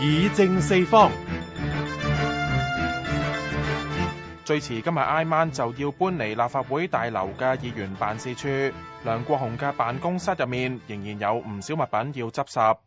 議政四方。最遲今日挨晚就要搬離立法會大樓嘅議員辦事處。梁國雄嘅辦公室入面仍然有唔少物品要執拾。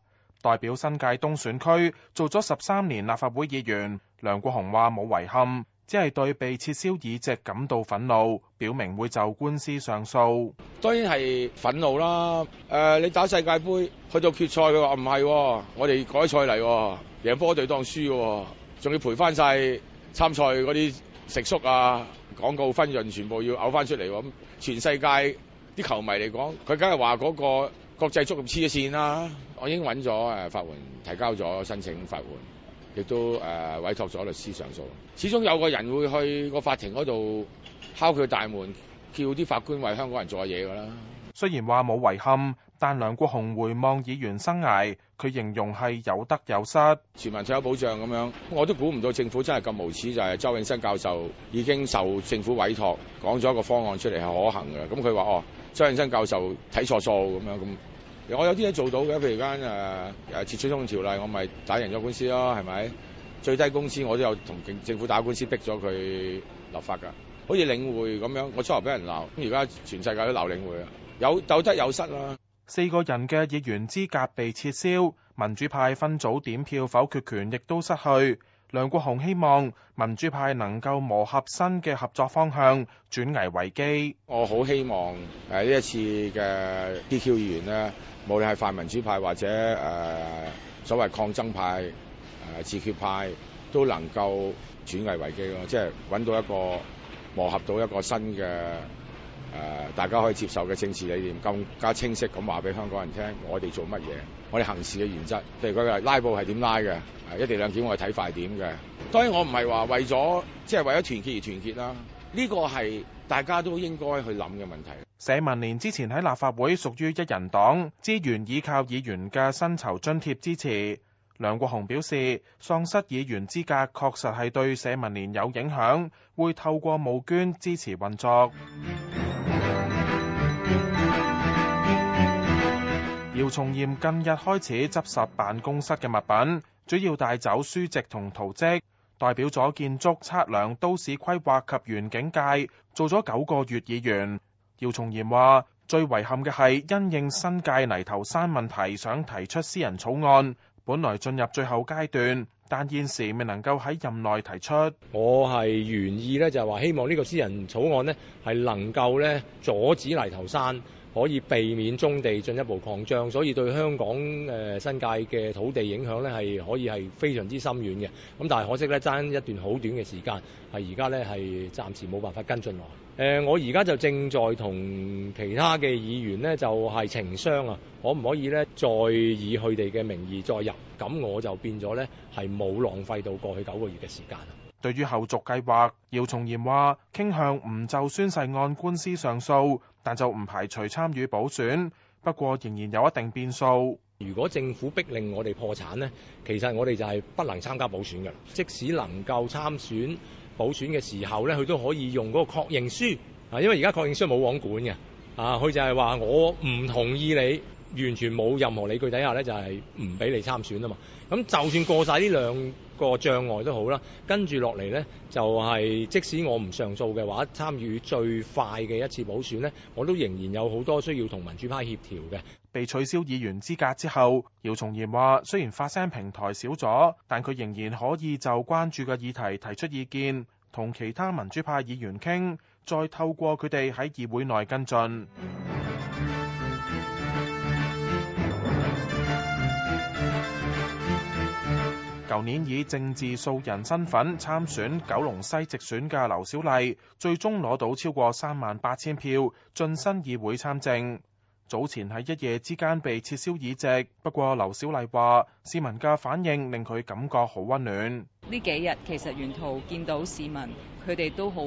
代表新界東選區做咗十三年立法會議員，梁國雄話冇遺憾，只係對被撤銷議席感到憤怒，表明會就官司上訴。當然係憤怒啦。誒、呃，你打世界杯去到決賽，佢話唔係，我哋改賽嚟，啊。贏波隊當輸嘅，仲要賠翻晒參賽嗰啲食宿啊、廣告分潤，全部要嘔翻出嚟。咁全世界啲球迷嚟講，佢梗係話嗰個國際足協黐咗線啦。我已經揾咗誒法援，提交咗申請法援，亦都誒委託咗律師上訴。始終有個人會去個法庭嗰度敲佢大門，叫啲法官為香港人做下嘢㗎啦。雖然話冇遺憾。但梁國雄回望議員生涯，佢形容係有得有失，全民退休保障咁樣。我都估唔到政府真係咁無恥，就係、是、周永生教授已經受政府委託講咗一個方案出嚟係可行嘅。咁佢話哦，周永生教授睇錯數咁樣咁。我有啲嘢做到嘅，譬如講誒誒撤出通條例，我咪打贏咗官司咯，係咪？最低工資我都有同政政府打官司逼咗佢立法㗎，好似領匯咁樣，我初頭俾人鬧，咁而家全世界都鬧領匯啊，有有得有失啦。四個人嘅議員資格被撤銷，民主派分組點票否決權亦都失去。梁國雄希望民主派能夠磨合新嘅合作方向，轉危為機。我好希望誒呢一次嘅 DQ 議員呢，無論係泛民主派或者誒所謂抗爭派誒自決派，都能夠轉危為機咯，即係揾到一個磨合到一個新嘅。誒，大家可以接受嘅政治理念更加清晰，咁話俾香港人聽我們，我哋做乜嘢，我哋行事嘅原則，譬如個拉布係點拉嘅，一地兩檢我係睇快點嘅。當然我不是說，我唔係話為咗即係為咗團結而團結啦，呢、這個係大家都應該去諗嘅問題。社民連之前喺立法會屬於一人黨資源依靠議員嘅薪酬津貼支持。梁國雄表示，喪失議員資格確實係對社民連有影響，會透過募捐支持運作。姚松炎近日開始執拾辦公室嘅物品，主要帶走書籍同圖則，代表咗建築測量、都市規劃及園境界做咗九個月議員。姚松炎話：最遺憾嘅係，因應新界泥頭山問題，想提出私人草案，本來進入最後階段，但現時未能夠喺任內提出。我係原意咧，就係話希望呢個私人草案呢，係能夠咧阻止泥頭山。可以避免棕地進一步擴張，所以對香港、呃、新界嘅土地影響咧係可以係非常之深遠嘅。咁但係可惜咧，爭一段好短嘅時間，係而家咧係暫時冇辦法跟進來、呃。我而家就正在同其他嘅議員呢，就係、是、情商啊，可唔可以咧再以佢哋嘅名義再入？咁我就變咗咧係冇浪費到過去九個月嘅時間。對於後續計劃，姚松炎話傾向唔就宣誓案官司上訴，但就唔排除參與補選。不過仍然有一定變數。如果政府逼令我哋破產呢，其實我哋就係不能參加補選嘅。即使能夠參選補選嘅時候咧，佢都可以用嗰個確認書啊，因為而家確認書冇網管嘅啊，佢就係話我唔同意你。完全冇任何理據底下咧，就係唔俾你參選啊嘛！咁就算過晒呢兩個障礙都好啦，跟住落嚟呢，就係即使我唔上訴嘅話，參與最快嘅一次補選呢，我都仍然有好多需要同民主派協調嘅。被取消議員資格之後，姚松炎話：雖然發聲平台少咗，但佢仍然可以就關注嘅議題提出意見，同其他民主派議員傾，再透過佢哋喺議會內跟進。舊年以政治素人身份參選九龍西直選嘅劉小麗，最終攞到超過三萬八千票，進身議會參政。早前喺一夜之間被撤銷議席，不過劉小麗話市民嘅反應令佢感覺好温暖。呢幾日其實沿途見到市民，佢哋都好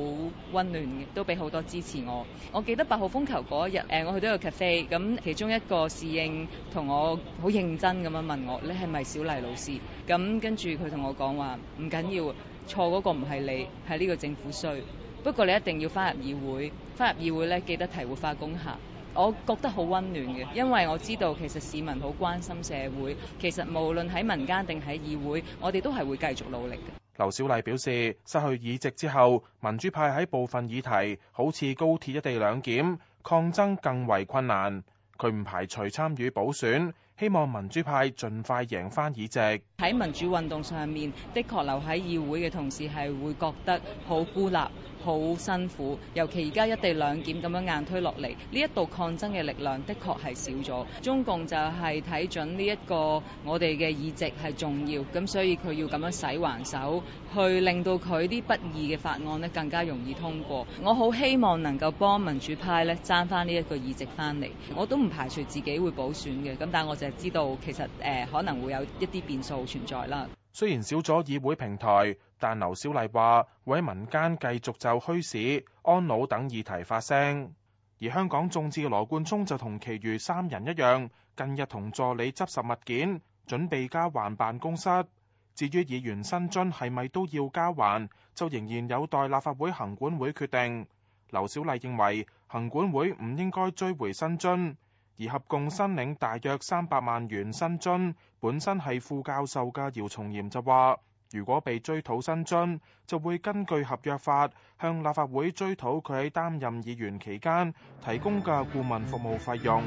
温暖都俾好多支持我。我記得八號風球嗰一日，誒我去到個 cafe，咁其中一個侍應同我好認真咁樣問我，你係咪小麗老師？咁跟住佢同我講話，唔緊要，錯嗰個唔係你，係呢個政府衰。不過你一定要返入議會，返入議會呢記得提活化工廈。我覺得好温暖嘅，因為我知道其實市民好關心社會，其實無論喺民間定喺議會，我哋都係會繼續努力嘅。劉小麗表示，失去議席之後，民主派喺部分議題好似高鐵一地兩檢抗爭，更為困難。佢唔排除參與補選。希望民主派盡快贏翻議席。喺民主運動上面，的確留喺議會嘅同事係會覺得好孤立、好辛苦。尤其而家一地兩檢咁樣硬推落嚟，呢一度抗爭嘅力量的確係少咗。中共就係睇準呢一個我哋嘅議席係重要，咁所以佢要咁樣洗橫手，去令到佢啲不義嘅法案呢更加容易通過。我好希望能夠幫民主派咧爭翻呢一個議席翻嚟，我都唔排除自己會補選嘅。咁但係我。就知道，其實、呃、可能會有一啲變數存在啦。雖然少咗議會平台，但劉小麗話會喺民間繼續就墟市、安老等議題發聲。而香港眾志羅冠聰就同其餘三人一樣，今日同助理執拾物件，準備交還辦公室。至於議員薪津係咪都要交還，就仍然有待立法會行管會決定。劉小麗認為行管會唔應該追回薪津。而合共申領大約三百萬元薪津，本身係副教授嘅姚松炎就話，如果被追討薪津，就會根據《合約法》向立法會追討佢喺擔任議員期間提供嘅顧問服務費用。